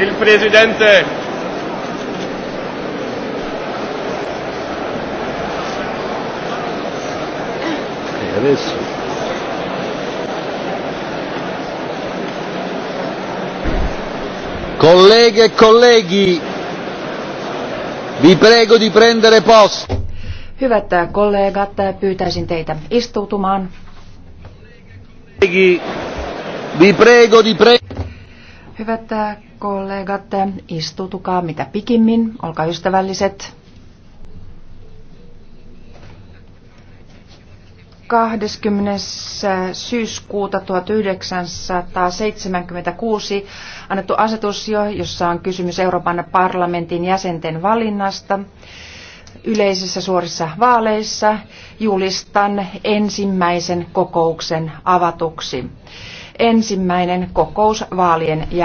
Il Presidente. E adesso. Colleghe e colleghi, vi prego di prendere posto. Hyvät kollegat, pyytäisin teitä istuutumaan. Colleghi, vi prego di prendere Hyvät äh, kollegat, äh, istutukaa mitä pikimmin, olkaa ystävälliset. 20. Äh, syyskuuta 1976 annettu asetus, jo, jossa on kysymys Euroopan parlamentin jäsenten valinnasta yleisissä suorissa vaaleissa, julistan ensimmäisen kokouksen avatuksi. Ensimmäinen kokous vaalien jälkeen.